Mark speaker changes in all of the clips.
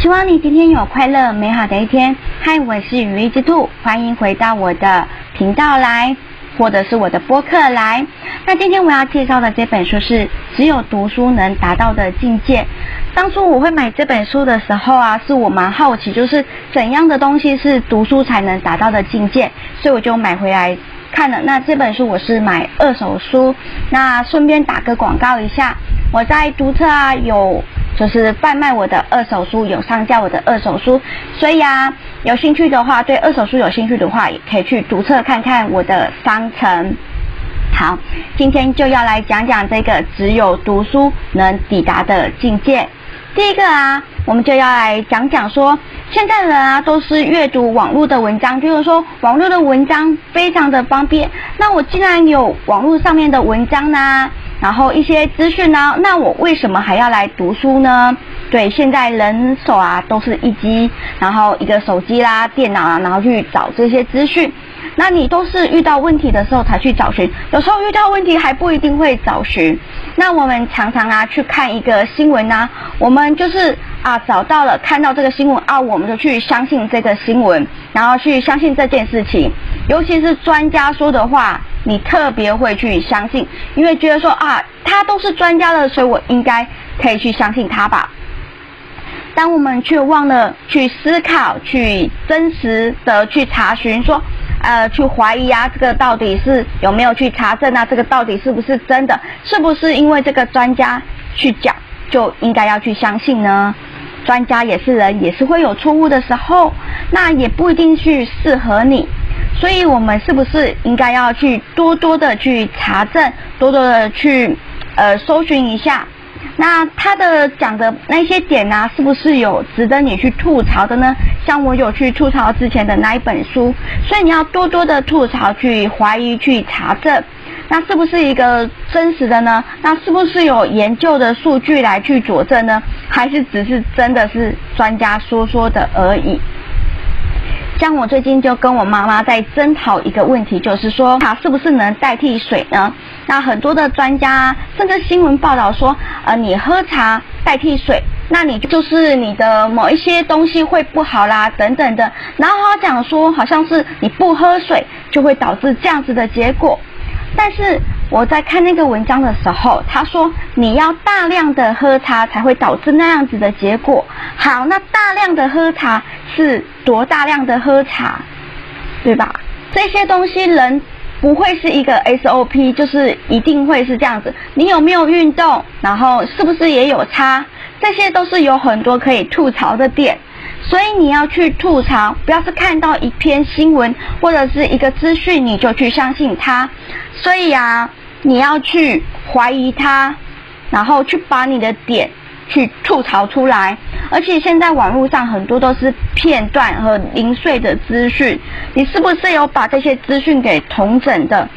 Speaker 1: 希望你今天有快樂美好的一天。嗨，我是羽翼之兔，歡迎回到我的頻道來，或者是我的播客來。那今天我要介紹的這本書是《只有讀書能達到的境界》。當初我會買這本書的時候啊，是我蠻好奇，就是怎樣的東西是讀書才能達到的境界，所以我就買回來看了。那這本書我是買二手書，那順便打個廣告一下，我在讀冊啊有。就是販賣我的二手書，有上架我的二手書，所以呀、啊，有興趣的話，對二手書有興趣的話，也可以去讀冊看看我的商城。好，今天就要來講講這個只有讀書能抵達的境界。第一個啊，我們就要來講講說，現在的人啊都是閱讀網絡的文章，就是說網絡的文章非常的方便。那我既然有網絡上面的文章呢、啊？然後一些資訊呢？那我為什麼還要來讀書呢？對，現在人手啊都是一機，然後一個手機啦、電腦啊，然後去找這些資訊。那你都是遇到問題的時候才去找尋，有時候遇到問題還不一定會找尋。那我們常常啊去看一個新聞吶，我們就是啊找到了看到這個新聞啊，我們就去相信這個新聞，然後去相信這件事情。尤其是專家說的話。你特別會去相信，因為覺得說啊，他都是專家了，所以我應該可以去相信他吧。當我們卻忘了去思考，去真實的去查詢，說，呃，去懷疑啊，這個到底是有沒有去查證啊？這個到底是不是真的？是不是因為這個專家去講就應該要去相信呢？專家也是人，也是會有錯誤的時候，那也不一定去適合你。所以，我們是不是應該要去多多的去查證，多多的去呃搜尋一下？那他的講的那些點呢、啊？是不是有值得你去吐槽的呢？像我有去吐槽之前的那一本書，所以你要多多的吐槽、去懷疑、去查證，那是不是一個真實的呢？那是不是有研究的數據來去佐證呢？還是只是真的是專家說說的而已？像我最近就跟我媽媽在爭討一個問題，就是說，茶是不是能代替水呢？那很多的專家，甚至新聞報道說，呃，你喝茶代替水，那你就是你的某一些東西會不好啦，等等的。然後他講說，好像是你不喝水就會導致這樣子的結果，但是。我在看那個文章的時候，他說你要大量的喝茶才會導致那樣子的結果。好，那大量的喝茶是多大量的喝茶，對吧？這些東西人不會是一個 SOP，就是一定會是這樣子。你有沒有運動？然後是不是也有差？這些都是有很多可以吐槽的點。所以你要去吐槽，不要是看到一篇新聞或者是一個資訊，你就去相信它。所以啊。你要去懷疑他，然後去把你的點去吐槽出來，而且現在網絡上很多都是片段和零碎的資訊，你是不是有把這些資訊給統整的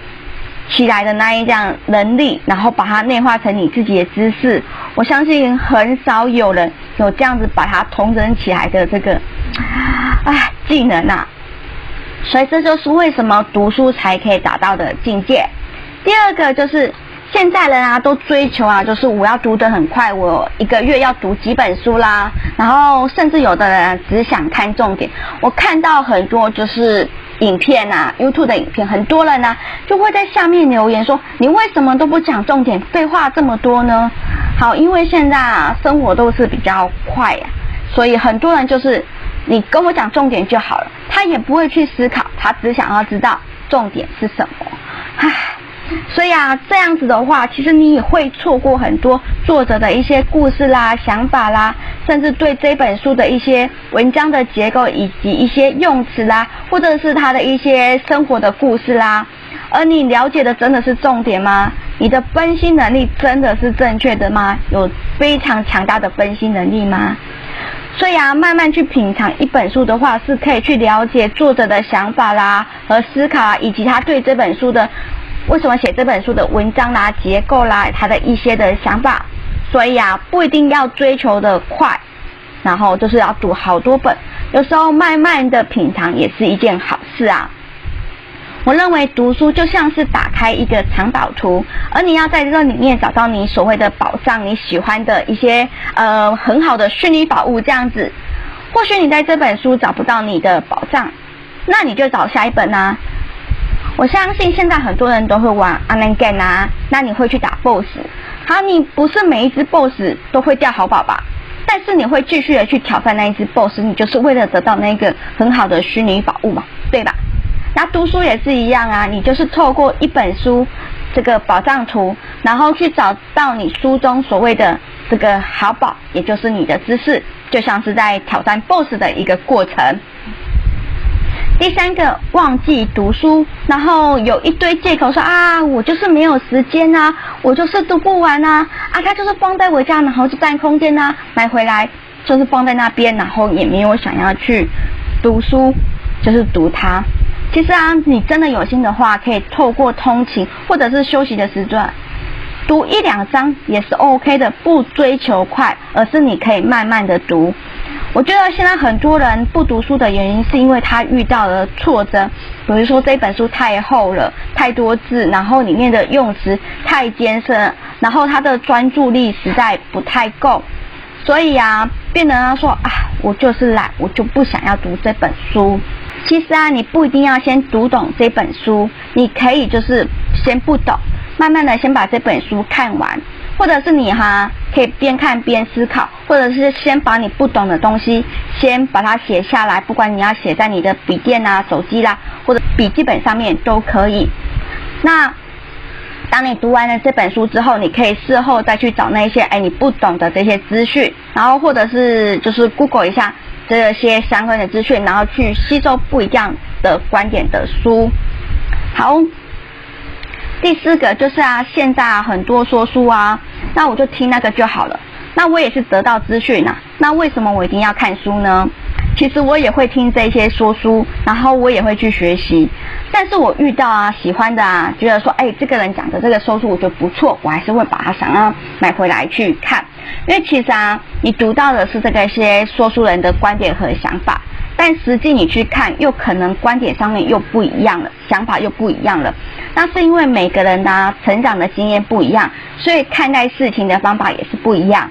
Speaker 1: 起來的那一樣能力，然後把它內化成你自己的知識？我相信很少有人有這樣子把它統整起來的這個啊技能啊，所以這就是為什麼讀書才可以達到的境界。第二個就是現在人啊，都追求啊，就是我要讀得很快，我一個月要讀幾本書啦。然後甚至有的人只想看重點。我看到很多就是影片啊，YouTube 的影片，很多人呢、啊、就會在下面留言說：“你為什麼都不講重點？廢話這麼多呢？”好，因為現在、啊、生活都是比較快、啊，所以很多人就是你跟我講重點就好了，他也不會去思考，他只想要知道重點是什麼。唉。所以啊，這樣子的話，其實你也會錯過很多作者的一些故事啦、想法啦，甚至對這本書的一些文章的結構以及一些用詞啦，或者是他的一些生活的故事啦。而你了解的真的是重點嗎？你的分析能力真的是正確的嗎？有非常強大的分析能力嗎？所以啊，慢慢去品嘗一本書的話，是可以去了解作者的想法啦和思考啊，以及他對這本書的。為什麼寫這本書的文章啦、結構啦，他的一些的想法，所以啊，不一定要追求的快，然後就是要讀好多本，有時候慢慢的品嘗也是一件好事啊。我認為讀書就像是打開一個藏寶圖，而你要在這裡面找到你所謂的寶藏，你喜歡的一些呃很好的虛擬寶物這樣子。或許你在這本書找不到你的寶藏，那你就找下一本啊。我相信現在很多人都會玩《Online Game》啊，那你會去打 Boss，好，你不是每一隻 Boss 都會掉好寶吧？但是你會繼續的去挑戰那一隻 Boss，你就是為了得到那個很好的虛擬寶物嘛，對吧？那讀書也是一樣啊，你就是透過一本書這個寶藏圖，然後去找到你書中所謂的這個好寶，也就是你的知識，就像是在挑戰 Boss 的一個過程。第三個忘記讀書，然後有一堆借口說啊，我就是沒有時間啊，我就是讀不完啊，啊，它就是放在我家，然後就佔空間啊，買回來就是放在那邊，然後也沒有想要去讀書，就是讀它。其實啊，你真的有心的話，可以透過通勤或者是休息的時段，讀一兩章也是 OK 的，不追求快，而是你可以慢慢的讀。我覺得現在很多人不讀書的原因，是因為他遇到了挫折，比如說，這本書太厚了，太多字，然後裡面的用詞太艱深，然後他的專注力實在不太夠，所以呀、啊，變得他說啊，我就是懶，我就不想要讀這本書。其實啊，你不一定要先讀懂這本書，你可以就是先不懂，慢慢的先把這本書看完，或者是你哈。可以邊看邊思考，或者是先把你不懂的東西先把它寫下來，不管你要寫在你的筆電啊、手機啦、啊，或者筆記本上面都可以。那當你讀完了這本書之後，你可以事後再去找那些哎你不懂的這些資訊，然後或者是就是 Google 一下這些相關的資訊，然後去吸收不一樣的觀點的書。好，第四個就是啊，現在很多說書啊。那我就聽那個就好了，那我也是得到資訊吶啊。那為什麼我一定要看書呢？其實我也會聽這些說書，然後我也會去學習。但是我遇到啊喜歡的啊，覺得說哎這個人講的這個說書我覺得不錯，我還是會把它想要買回來去看。因為其實啊，你讀到的是這個一些說書人的觀點和想法。但實際你去看，又可能觀點上面又不一樣了，想法又不一樣了。那是因為每個人的、啊、成長的經驗不一樣，所以看待事情的方法也是不一樣。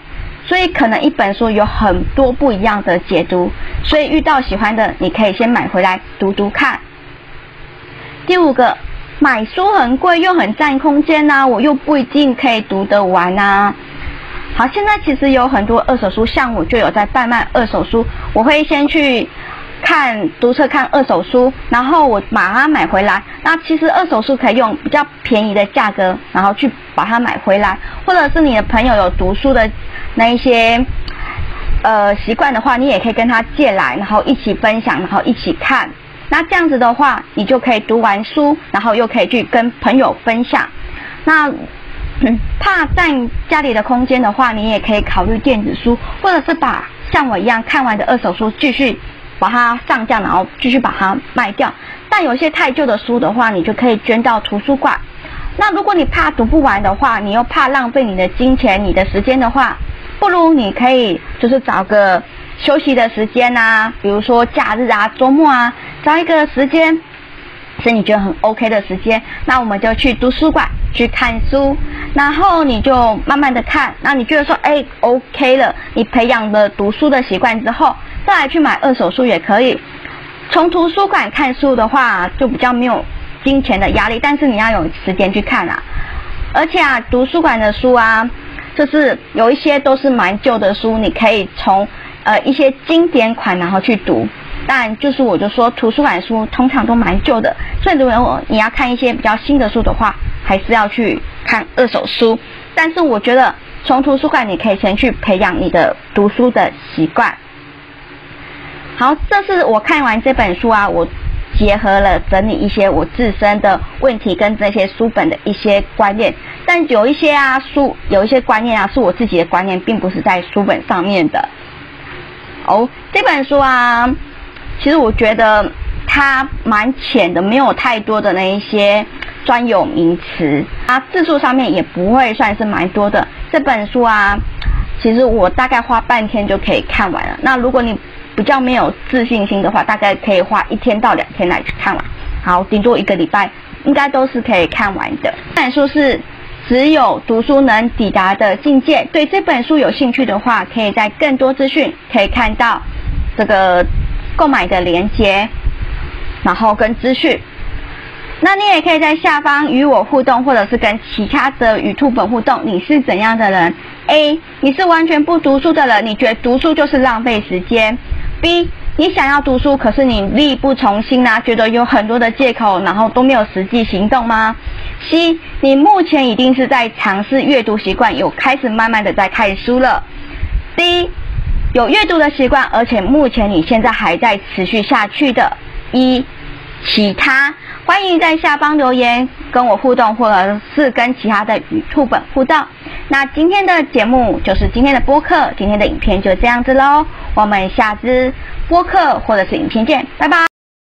Speaker 1: 所以可能一本書有很多不一樣的解讀。所以遇到喜歡的，你可以先買回來讀讀看。第五個，買書很貴又很佔空間吶、啊，我又不一定可以讀得完吶、啊。好，現在其實有很多二手書，像我就有在販賣二手書，我會先去。看讀冊，看二手書，然後我把它買回來。那其實二手書可以用比較便宜的價格，然後去把它買回來。或者是你的朋友有讀書的那一些呃習慣的話，你也可以跟他借來，然後一起分享，然後一起看。那這樣子的話，你就可以讀完書，然後又可以去跟朋友分享。那，嗯，怕佔家裡的空間的話，你也可以考慮電子書，或者是把像我一樣看完的二手書繼續把它上架，然後繼續把它賣掉。但有些太舊的書的話，你就可以捐到圖書館。那如果你怕讀不完的話，你又怕浪費你的金錢、你的時間的話，不如你可以就是找個休息的時間啊，比如說假日啊、周末啊，找一個時間，是你覺得很 OK 的時間，那我們就去圖書館去看書，然後你就慢慢的看。那你覺得說，誒，OK 了，你培養了讀書的習慣之後。再來去買二手書也可以。從圖書館看書的話，就比較沒有金錢的壓力，但是你要有時間去看啊。而且啊，圖書館的書啊，就是有一些都是蠻舊的書，你可以從呃一些經典款然後去讀。但就是我就說，圖書館書通常都蠻舊的，所以如果你要看一些比較新的書的話，還是要去看二手書。但是我覺得，從圖書館你可以先去培養你的讀書的習慣。然後，這是我看完這本書啊，我結合了整理一些我自身的問題跟這些書本的一些觀念，但有一些啊書，有一些觀念啊是我自己的觀念，並不是在書本上面的。哦，這本書啊，其實我覺得它蠻淺的，沒有太多的那一些專有名詞啊，字數上面也不會算是蠻多的。這本書啊，其實我大概花半天就可以看完了。那如果你比較沒有自信心的話，大概可以花一天到兩天來看完。好，頂多一個禮拜，應該都是可以看完的。這本書是只有讀書能抵達的境界。對這本書有興趣的話，可以在更多資訊可以看到這個購買的鏈接，然後跟資訊。那你也可以在下方與我互動，或者是跟其他的羽兔本互動。你是怎樣的人？A. 你是完全不讀書的人，你覺得讀書就是浪費時間。B，你想要讀書，可是你力不從心吶、啊，覺得有很多的借口，然後都沒有實際行動嗎？C，你目前已經是在嘗試閱讀習慣，有開始慢慢的在看書了。D，有閱讀的習慣，而且目前你現在還在持續下去的。一、E，其他，歡迎在下方留言。跟我互動，或者是跟其他的羽兔本互動。那今天的節目就是今天的播客，今天的影片就這樣子嘍。我們下次播客或者是影片見，拜拜。